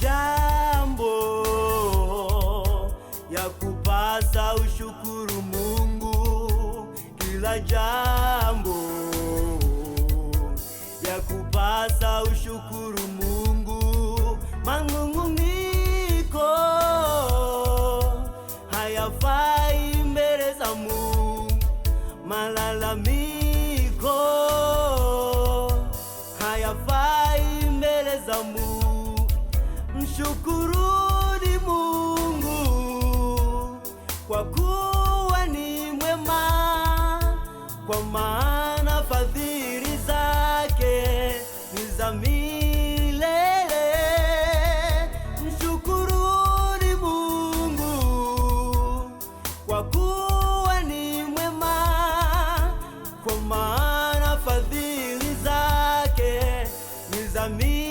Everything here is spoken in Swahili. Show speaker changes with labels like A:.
A: jambo ya kupasa ushukuru Mungu, kila jambo ya kupasa ushukuru Mungu. Mangunguniko hayafai mbele za Mungu, malalamiko hayafai shukuruni Mungu kwa kuwa ni mwema, kwa maana fadhili zake ni za milele. Mshukuruni Mungu kwa kuwa ni mwema, kwa maana fadhili zake ni za milele.